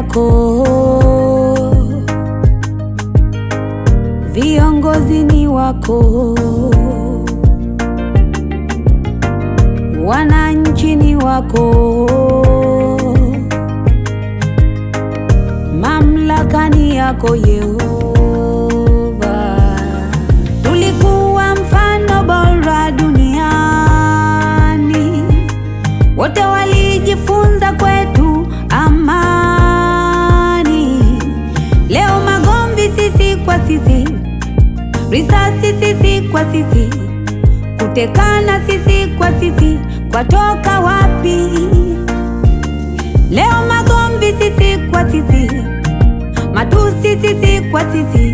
yako. Viongozi ni wako, wananchi ni wako, mamlaka ni yako yeo Tulikuwa mfano sisi, risasi sisi kwa sisi, kutekana sisi kwa sisi, kwatoka wapi? Leo magomvi sisi kwa sisi, matusi sisi kwa sisi,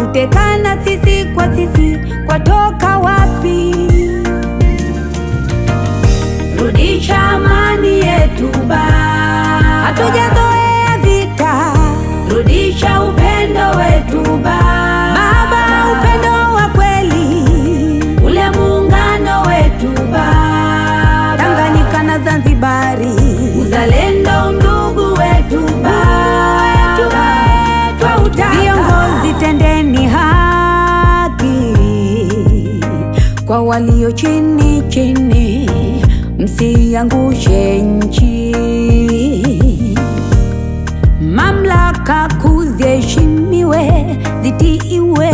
kutekana sisi kwa sisi, kwatoka wapi? fahari. Uzalendo ndugu wetu twautaka. Viongozi tendeni haki kwa walio chini chini, msiangushe nchi. Mamlaka kuu ziheshimiwe, zitiiwe,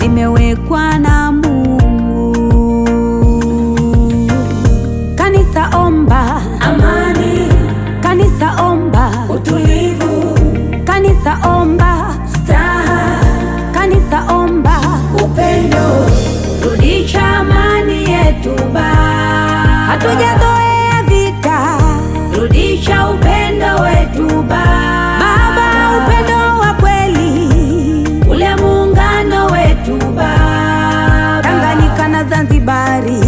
zimewekwa na Zanzibari